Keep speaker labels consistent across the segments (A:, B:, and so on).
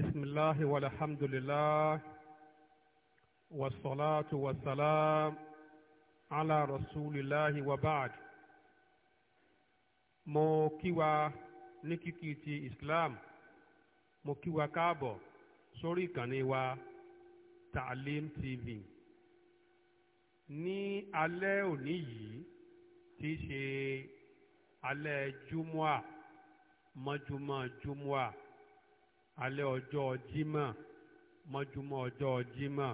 A: بسم الله والحمد لله والصلاة والسلام على رسول الله وبعد mo kí wa ní kíkí ti Islam mo kí wa káàbọ̀ sórí ìkànnì wa Ta'alim TV ní alẹ́ òní yìí tí í ṣe alẹ́ júmọ́à mọ́júmọ́ júmọ́à alẹ́ ọjọ́ Jímọ̀ mọ́júmọ́ ọjọ́ Jímọ̀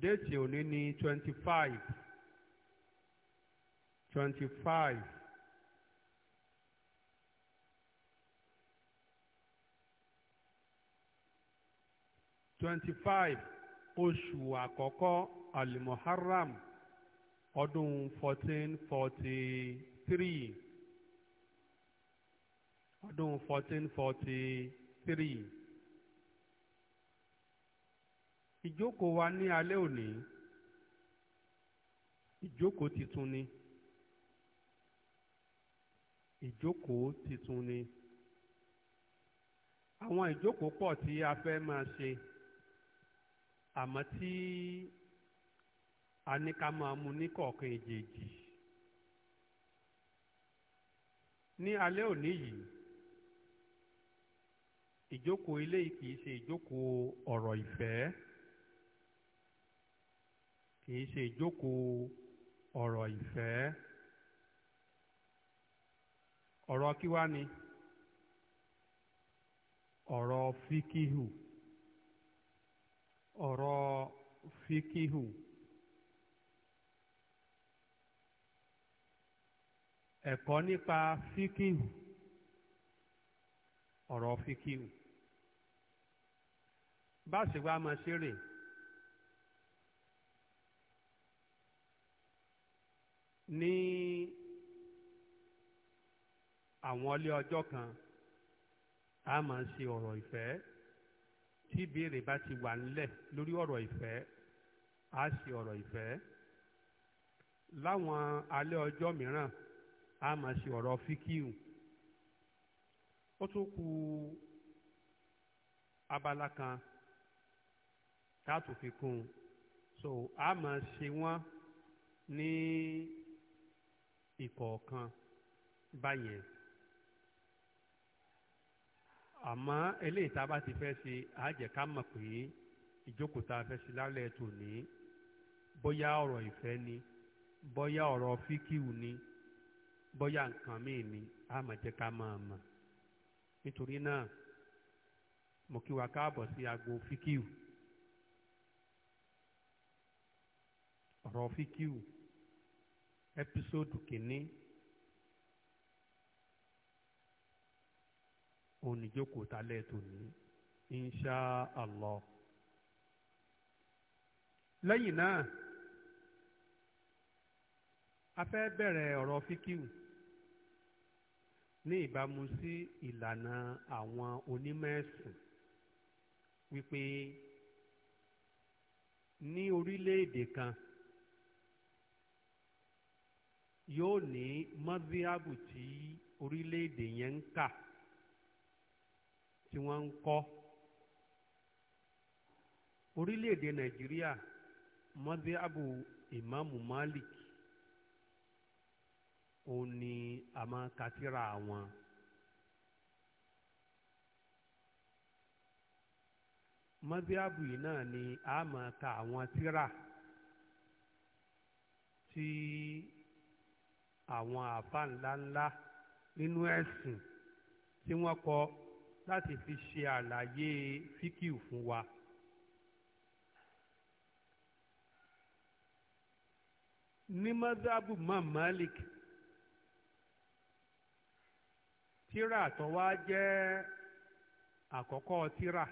A: déètì òní ní twenty five twenty five twenty five oṣù àkọ́kọ́ alimoharam ọdún fourteen forty three ọdún fourteen forty three ìjókòó wa ní alẹ́ òní ìjókòó titun ni ìjókòó titun ni àwọn ìjókòó pọ̀ tí a fẹ́ máa ṣe àmọ́ tí a ní ká máa mu ní kọ̀ọ̀kan èjèèjì ní alẹ́ òní yìí ìjókòó eléyìí kì í ṣe ìjókòó ọ̀rọ̀ ìfẹ́. kì í ṣe ìjókòó ọ̀rọ̀ ìfẹ́ ọ̀rọ̀ kí wá ni ọ̀rọ̀ fíkìhù, ọ̀rọ̀ fíkìhù, ẹ̀kọ́ nípa fíkìhù, ọ̀rọ̀ fíkìhù, bá ṣe wá máa ṣeré. ní àwọn ilé ọjọ́ kan a máa ń ṣe ọ̀rọ̀ ìfẹ́ tí ìbéèrè bá ti wà nílẹ̀ lórí ọ̀rọ̀ ìfẹ́ a ṣe ọ̀rọ̀ ìfẹ́ láwọn alẹ́ ọjọ́ mìíràn a máa ṣe ọ̀rọ̀ fíkìú ó tún kù abala kan tá a fi kún un so a máa ṣe wọ́n ní. Ni ìkọ̀ọ̀kan báyẹn àmọ́ eléyìí tá a bá ti fẹ́ ṣe àjẹ́ ká mọ̀ pé ìjókòó tá a fẹ́ ṣe lálẹ́ tòní bóyá ọ̀rọ̀ ìfẹ́ ni bóyá ọ̀rọ̀ fíkìú ni bóyá nǹkan míì ni a máa jẹ́ ká máa mọ̀ nítorí náà mo kí wa káàbọ̀ sí agbo fíkìú ọ̀rọ̀ fíkìú ẹpisódù kìíní oníjókòó talẹ́ tòní insha allah lẹ́yìn náà a fẹ́ bẹ̀rẹ̀ ọ̀rọ̀ fíkìú ní ìbámu sí ìlànà àwọn onímọ̀ ẹ̀sìn wípé ní orílẹ̀-èdè kan. yóò ní mọ́síábù tí orílẹ̀-èdè yẹn ń kà tí wọ́n ń kọ́ orílẹ̀-èdè nàìjíríà mọ́síábù ìmáàmù malik òun ni a máa ka tírà wọn. mọ́síábù yìí náà ni a máa ka àwọn àwọn àbá ńláńlá nínú ẹ̀sìn tí wọ́n kọ láti fi ṣe àlàyé fíkìú fún wa. ní mọ́sáàbù mọ́ Malik tíra tó wá jẹ́ àkọ́kọ́ tíra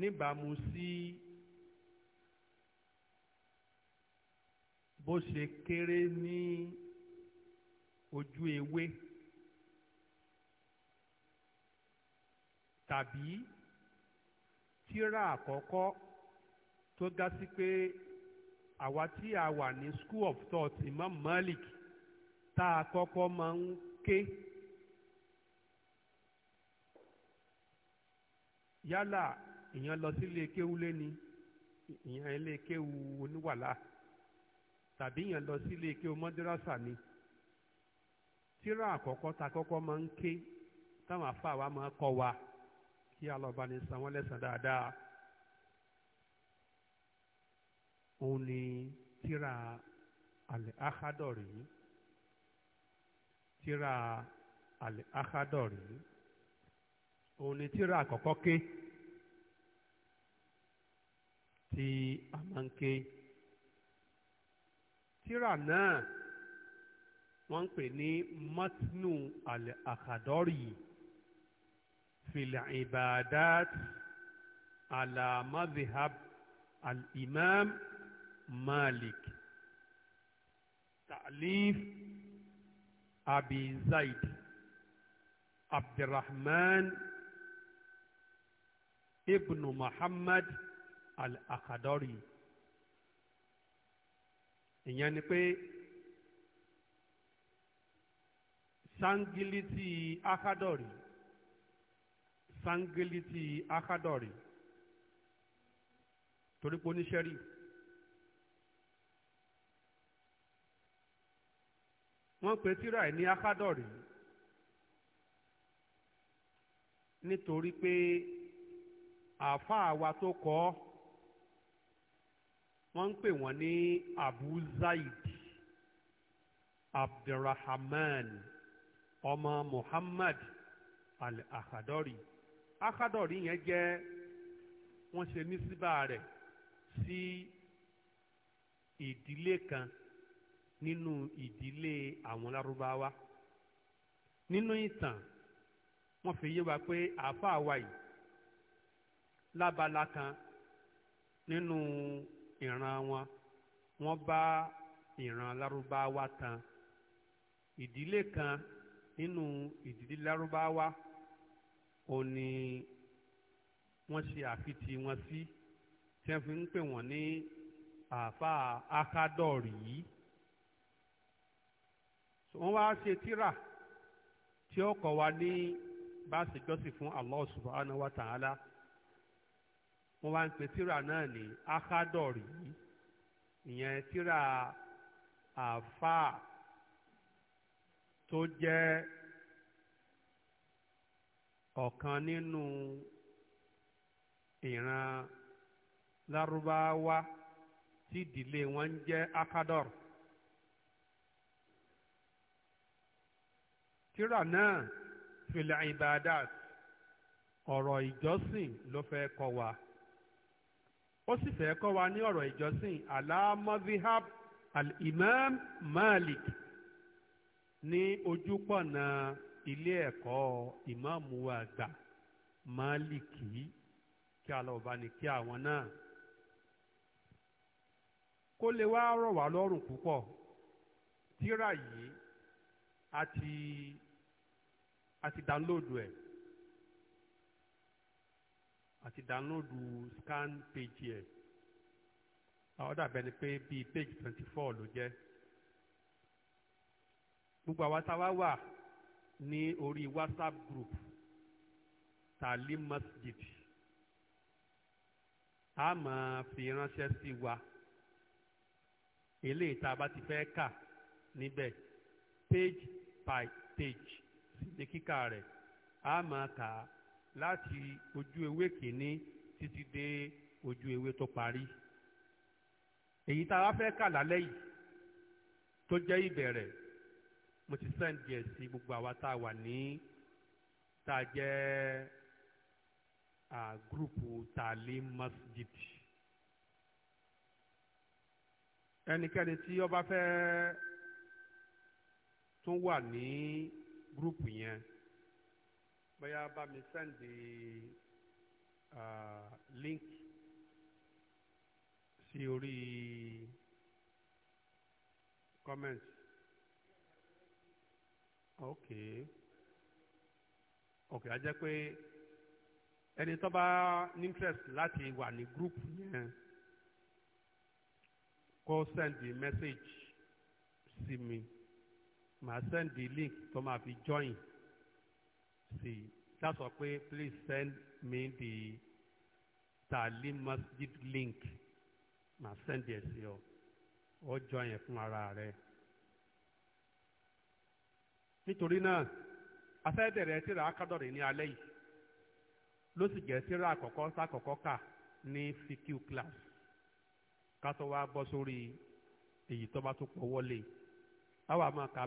A: níbàámu sí. Si bó ṣe kéré ní ojú ewé tàbí tírà àkọ́kọ́ tó dá sí pé àwa tí a wà ní school of thought Imam Malik tá a kọ́kọ́ máa ń ké yálà ìyẹn lọ sílé kéwú lé ìyẹn ilé kéwú oníwàlá tàbí yàn lọ sílé kí o mọ́dúrásà ni tíra àkọ́kọ́ ta kọ́kọ́ máa ń ké táwọn afá wa máa kọ́ wa kí alọ́ba ní san wọ́n lẹ́sàn dáadáa òun ni tíra alẹ́ áhádọ̀rì tíra alẹ́ áhádọ̀rì òun ni tíra àkọ́kọ́ ké tí a máa ń ké. tíra náà wọ́n ń pè ní matnu al-akadori fil-ibadat ala al-imam malik ta'lif abi zaid abdurrahman ibnu muhammad al-akadori. ìyẹn ni pé sangiliti akadọ̀rì sangiliti akadọ̀rì torí pé oníṣẹ́rì. wọ́n pe tíra ẹ̀ ní akadọ̀rì nítorí pé àáfàá wa tó kọ́ ọ́ wọ́n ń pè wọ́n ní Abu Zaid Abdulrahman ọmọ Muhammad al-Akhadori Akhadori yẹn jẹ́ wọ́n ṣe nísìbà rẹ̀ sí ìdílé kan nínú ìdílé àwọn Lárúbáwá nínú ìtàn wọ́n fi yé wa pé àáfàá wa yìí lábala kan nínú. ìran wọn wọn bá ìran lárúbáwá tan ìdílé kan nínú ìdílé lárúbáwá ò ní wọ́n ṣe àfitì wọn sí tí wọ́n fi ń pè ní àáfàá akádọ́ọ̀rì yìí wọn wá ṣe tira tí ó wa ní bá ṣe jọ́sìn fún Allah subhanahu wa ta'ala. wọ́n wá ń pe tíra náà ní akádọ̀rí ìyẹn tíra àfáà tó jẹ́ ọ̀kan nínú ìran lárúbáwá tí ìdílé wọn ń jẹ́ akádọ̀r. tíra náà fìlà ìbàdàt ọ̀rọ̀ ìjọsìn ló fẹ́ kọ́ wa ó sì fẹ́ kọ́ wa ní ọ̀rọ̀ ìjọsìn alamọ́díhab al-imam malik ní ojúpọ̀nà ilé ẹ̀kọ́ ìmáàmù àgbà máàlìkì kí alọ́ọ̀bá ní kí àwọn náà kó lè wá rọ̀ wá lọ́rùn púpọ̀ tírà yìí àti àti dáńlóòdù ẹ̀ àti dánlóòdù scan page yẹn àwọn dàbẹ́ ni pé bíi page twenty four ló jẹ́ gbogbo àwa tá a wá wà ní orí whatsapp group talim masjid a máa fi ránṣẹ́ sí wa eléyìí tá a bá ti fẹ́ kà níbẹ̀ page by page sí ní kíkà rẹ̀ a máa kà á láti ojú ewé kìíní títí dé ojú ewé tó parí èyí tá a wá fẹ́ kà lálẹ́ yìí tó jẹ́ ìbẹ̀rẹ̀ mo ti sẹ́ǹdì ẹ̀ sí gbogbo àwa tá a wà ní tá a jẹ́ gúrùpù tàlí masjid ẹnikẹ́ni tí ó bá fẹ́ tún wà ní gúrùpù yẹn bóyá bá mi sẹ́ǹdì uh, líǹkì sí orí comment ok ok a jẹ́ pé ẹni tó bá interest láti wà ní group yẹn kó sẹ́ǹdì message sí mi màá sẹ́ǹdì link tó máa fi join. see that's why pé please send me the talim masjid link ma send ẹ sí ọ ọ jọ yẹn ara rẹ nítorí náà afẹ́bẹ̀rẹ̀ tíra akádọ̀rẹ̀ ní alẹ́ yìí ló sì jẹ́ tíra àkọ́kọ́ sákọ̀ọ́kọ́ kà ní fiqh class ká tó wá bọ́ sórí èyí tó bá tó pọ̀ wọlé máa kà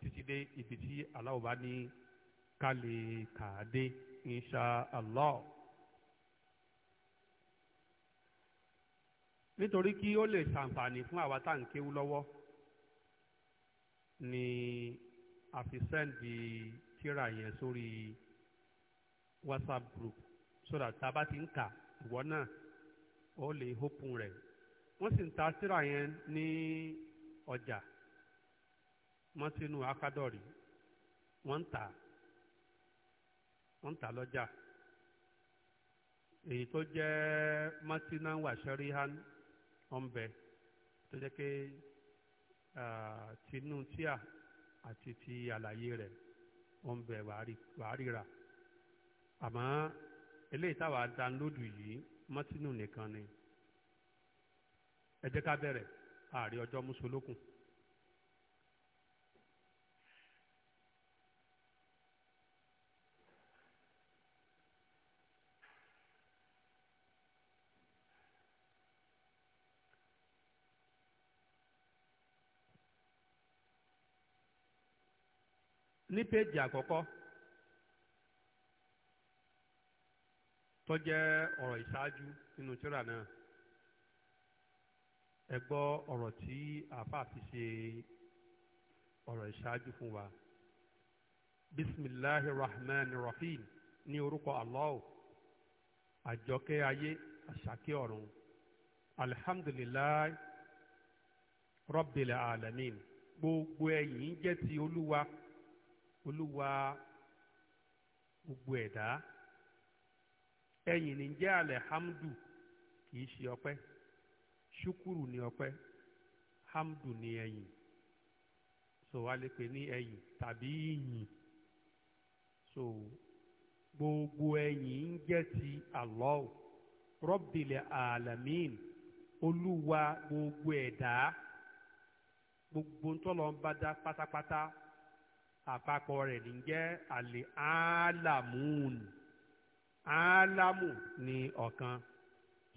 A: títí dé ibi tí aláwo bá ní ká lè kà á dé insha allah. nítorí kí ó lè ṣàǹfààní fún àwa tá à ń kéwú lọ́wọ́ ni a fi sẹ́ǹdì tíra yẹn sórí whatsapp group so that tá a bá ti ń kà ìwọ náà ó lè hópin rẹ̀ wọ́n sì ń ta tíra yẹn ní ọjà mọ́tínú akádọ́rì wọ́n ń tà á wọ́n ń tà lọ́jà èyí tó jẹ́ martina washerihan ọ̀nbẹ tó jẹ́ pé tinú tíà àti ti àlàyé rẹ̀ ọ̀nbẹ wàá ríra àmọ́ eléyìí táwa dánlódù yìí martinu nìkan ni ẹ jẹ́ ká bẹ̀rẹ̀ ààrẹ ọjọ́ mùsùlùkùn. ní péjì àkọ́kọ́ tó jẹ́ ọ̀rọ̀ ìṣáájú nínú tírà náà ẹ gbọ́ ọ̀rọ̀ tí àáfàá fi ṣe ọ̀rọ̀ ìṣáájú fún wa bisimilahi rahman rahim ní orúkọ allah àjọkẹ́ ayé àṣàkẹ́ ọ̀run alihamdulilayi rọ́bìlì alamin gbogbo ẹ̀yìn jẹ́ ti olúwa. olúwa gbogbo ẹ̀dá ẹ̀yìn ní jẹ́ alhamdu kì í ṣe ọpẹ́ ṣukuru ni ọpẹ́ hamdu ni ẹ̀yìn so a lè pè ní ẹ̀yìn tàbí ìyìn so gbogbo ẹ̀yìn ń jẹ́ ti Allah Rabbil alamin olúwa gbogbo ẹ̀dá gbogbo ntọ́lọ́ ń bá dá pátápátá àpapọ̀ rẹ̀ ní jẹ́ àlè álámùún álámù ní ọ̀kan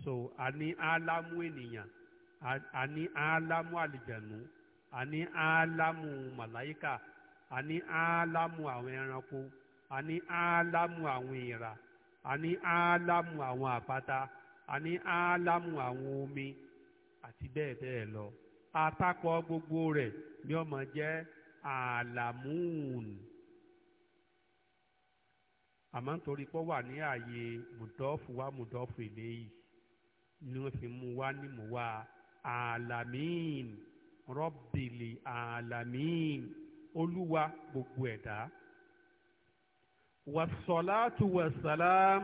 A: so a ní álámù ènìyàn a ní álámù àlìjẹ̀nù a ní álámù màláyíkà a ní álámù àwọn ẹranko a ní álámù àwọn ìrà a ní alamu àwọn àpáta a ní álámù àwọn omi àti bẹ́ẹ̀ bẹ́ẹ̀ lọ àpapọ̀ gbogbo rẹ̀ ni ó máa jẹ́ Alamun, àmọ́ nítorí pé ó wà ní ààyè mùdọ́fù wá mùdọ́fù eléyìí ni wọ́n fi mú wá ní mú wá àlàmín rọ́bìlì àlàmín olúwa gbogbo ẹ̀dá. wasalaatu wasalaam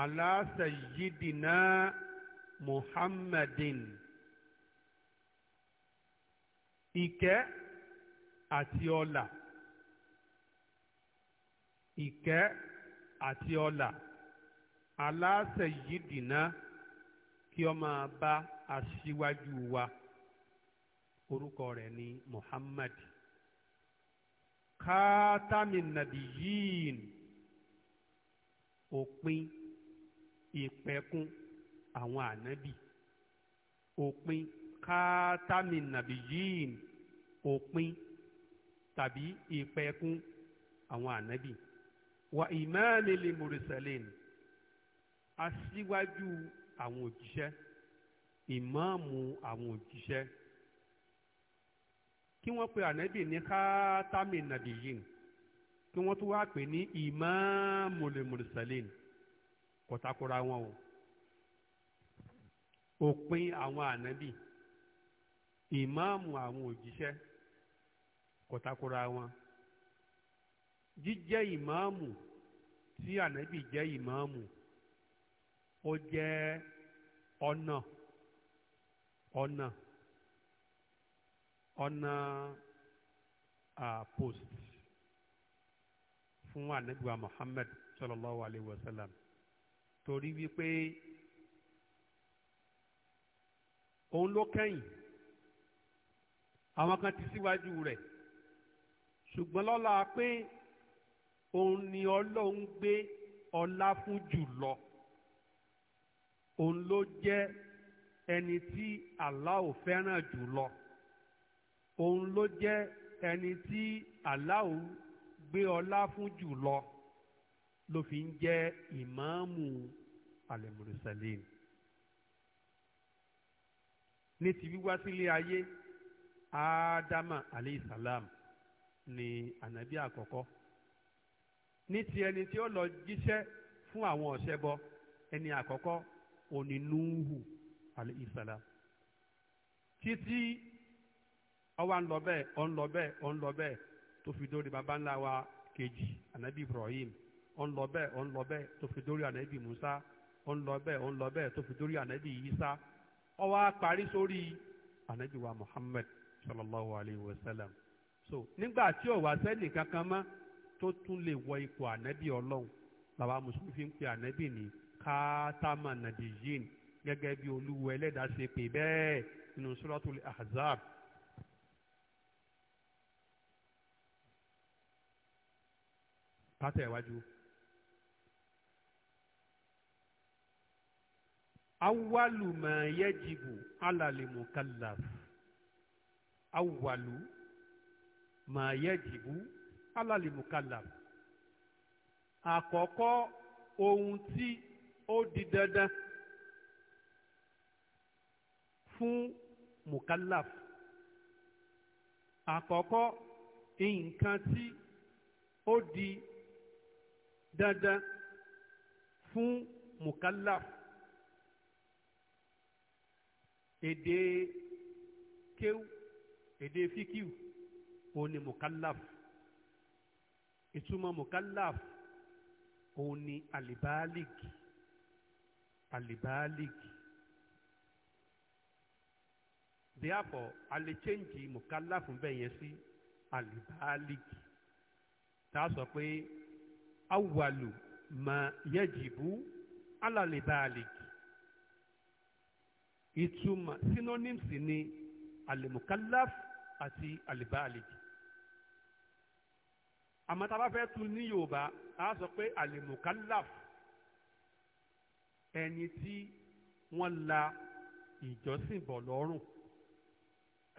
A: ala sayyidina muhammadin ike àti ọlà ìkẹ́ àti ọlà aláṣẹ yìí dìná kí ó máa bá aṣíwájú wa orúkọ rẹ̀ ní Muhammad kátàmì nàbìyìn òpin ìpẹ̀kun àwọn ànábì òpin kátàmì nàbìyìn òpin tàbí ìpẹ̀kun àwọn ànábì wà ìmáàlélẹ̀ mùrìsẹ̀lẹ̀n aṣíwájú àwọn òjíṣẹ́ ìmáàmù àwọn òjíṣẹ́ kí wọ́n pe ànábì ní káátámì nàbìyìn kí wọ́n tún wá pè ní ìmáàmùlẹ̀ mùrìsẹ̀lẹ̀n kò takora wọn o òpin àwọn ànábì ìmáàmù àwọn òjíṣẹ́ kò takora wọn jíjẹ́ ìmáàmù tí ànábì jẹ́ ìmáàmù ó jẹ́ ọ̀nà ọ̀nà ọ̀nà post fún ànábì wa Muhammad sallallahu alayhi wa sallam torí wípé òun ló kẹ́yìn àwọn kan ti síwájú rẹ̀ ṣùgbọ́n lọ́la pé òun ni ọlọ́run gbé ọlá fún jùlọ òun ló jẹ́ ẹni tí Allah fẹ́ràn jùlọ òun ló jẹ́ ẹni tí Allah gbé ọlá fún jùlọ ló fi ń jẹ́ ìmáàmù al-mursalin ní ti wíwá sílé ayé ádámà aleyhisalaam ni ànábì àkọ́kọ́ ní ti ẹni tí ó lọ jíṣẹ́ fún àwọn ọ̀ṣẹbọ ẹni àkọ́kọ́ òní Nuhu alayhi salam títí ọwọ́ ń lọ bẹ́ẹ̀ ọ ń lọ bẹ́ẹ̀ ọ̀ ń lọ bẹ́ẹ̀ tó fi dórí baba ńlá wa kejì ànábì Ibrahim ọ ń lọ bẹ́ẹ̀ ọ̀ ń lọ bẹ́ẹ̀ tó fi dórí ànábì Musa ọ ń lọ bẹ́ẹ̀ ọ̀ ń lọ bẹ́ẹ̀ tó fi dórí ànábì Isa ó wá parí sórí ànábì wa Muhammad sallallahu alayhi wa sallam. so nígbà tí ò wá sẹ́nì kankan mọ́ tó tún lè wọ ipò ànábì ọlọ́run bàbá mùsùlùmí fi ń pe ànábì ní kátámà nàbìyìn gẹ́gẹ́ bí olúwo ẹlẹ́dàá ṣe pè bẹ́ẹ̀ nínú suratul ahzab pátá ìwájú. awwalu ma yajibu ala al-mukallaf awwalu mà yajibu alal mukallaf àkọ́kọ́ ohun tí ó di dandan fún mukallaf àkọ́kọ́ nǹkan tí ó di dandan fún mukallaf èdè kéwù èdè fíkìwù òun ni mukallaf ìtumọ̀ mukallaf òun ni alibalik alibalik therefore a lè change mukallaf bẹ́ẹ̀ yẹn sí alibalik tá a sọ pé awalu ma yajibu alalibalik ìtumọ̀ synonyms ni alimukallaf àti alibalik àmọ́ tá a bá fẹ́ tu ní yorùbá a sọ pé alimukallaf ẹni tí wọ́n la ìjọsìn bọ̀ lọ́rùn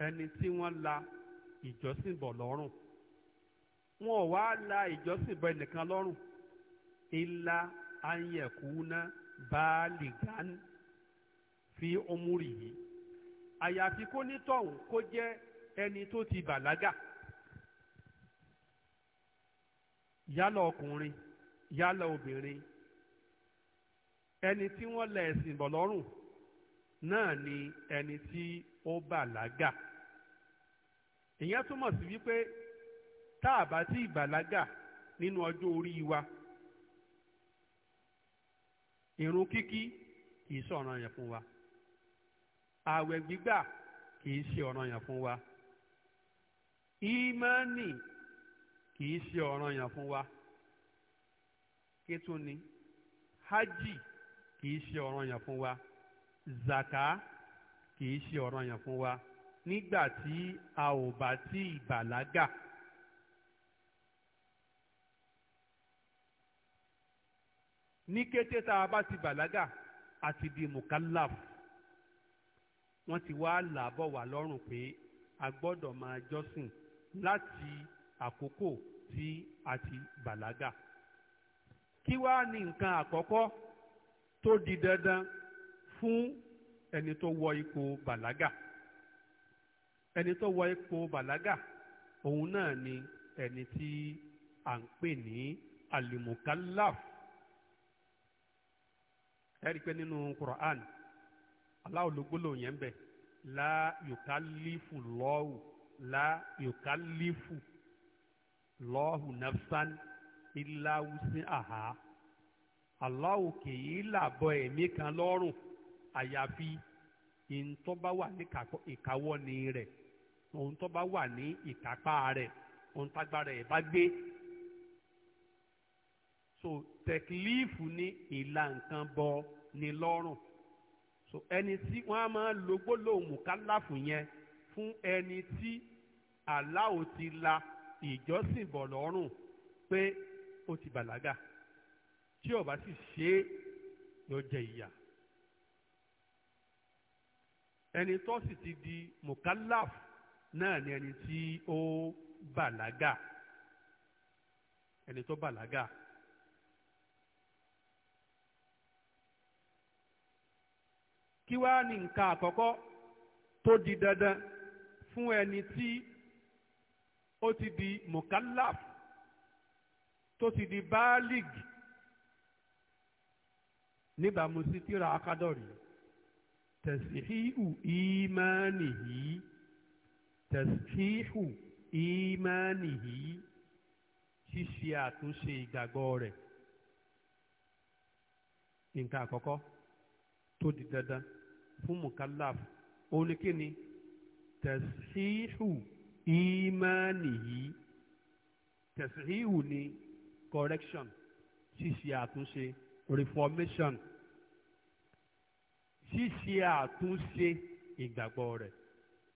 A: ẹni tí wọ́n la ìjọsìn bọ̀ lọ́rùn wọn ò wá la ìjọsìn bọ̀ ẹnìkan lọ́rùn ìlà ayẹ̀kúná baaligan fi ọmúrì yìí àyàfi kó nítọ̀hún kó jẹ́ ẹni tó ti bàlágà. yálà ọkùnrin yálà obìnrin ẹni tí wọ́n lẹ̀ ẹ̀sìn bọ̀ lọ́rùn náà ni ẹni tí ó bàlágà ìyẹn túmọ̀ sí wípé tá a bá ti bàlágà nínú ọjọ́ orí wa ìrun kíkí kì í sọ̀ràn yẹn fún wa ààwẹ̀ gbígbà kì í ṣe ọ̀ràn yẹn fún wa ìmánì kì í ṣe ọ̀ranyàn fún wa kí tún ni hajj kì í ṣe ọ̀ranyàn fún wa zaka kì í ṣe ọ̀ranyàn fún wa nígbà tí a ò bá tí ì bàlágà. ní kété tá a bá ti bàlágà a ti di mukallaf wọ́n ti wá là bọ̀ lọ́rùn pé a gbọ́dọ̀ máa jọ́sìn láti àkókò tí a ti bàlágà kí wá ní nǹkan àkọ́kọ́ tó di dandan fún ẹni tó wọ ipò bàlágà ẹni tó wọ ipò bàlágà òun náà ni ẹni tí à ń pè ní alimukallaf ẹ̀rí pé nínú Quran Allah ló gbólóhùn yẹn bẹ̀ la yòkálífù lọ́wù la yòkálífù. lọ́hù nafsan iláwùsí àhá aláwò kìí làbọ̀ ẹ̀mí kan lọ́rùn àyàfi ìǹtọ́ wà ní ìkáwọ́ ni rẹ̀ ohun tó wà ní ìkápá rẹ̀ ohun tágbára ẹ̀ bá gbé so tẹkílífù ni ìlà nǹkan bọ ni lọ́rùn so ẹni tí wọ́n á máa lo gbólóhùn mùkálàfù yẹn fún ẹni tí aláwo ti la ìjọsìn bọ̀ lọ́rùn pé ó ti bàlágà tí ó bá sì ṣe é yóò jẹ ìyà ẹni tó sì ti di mukallaf náà ni ẹni tí ó bàlágà ẹni tó bàlágà. kí wá ní nǹkan àkọ́kọ́ tó di dandan fún ẹni tí ó ti di mukallaf tó ti di baalig níbàámu sí tíra akadọ́rì tẹ̀síhíhù ìmánìhì tẹ̀síhíhù ìmánìhì ṣíṣe àtúnṣe ìgbàgbọ́ rẹ̀ nǹkan àkọ́kọ́ tó di dandan fún mukallaf oníkíni tẹ̀síhíhù ìmánì yìí tẹ̀síhìhù ni correction ṣíṣe àtúnṣe reformation ṣíṣe àtúnṣe ìgbàgbọ́ rẹ̀.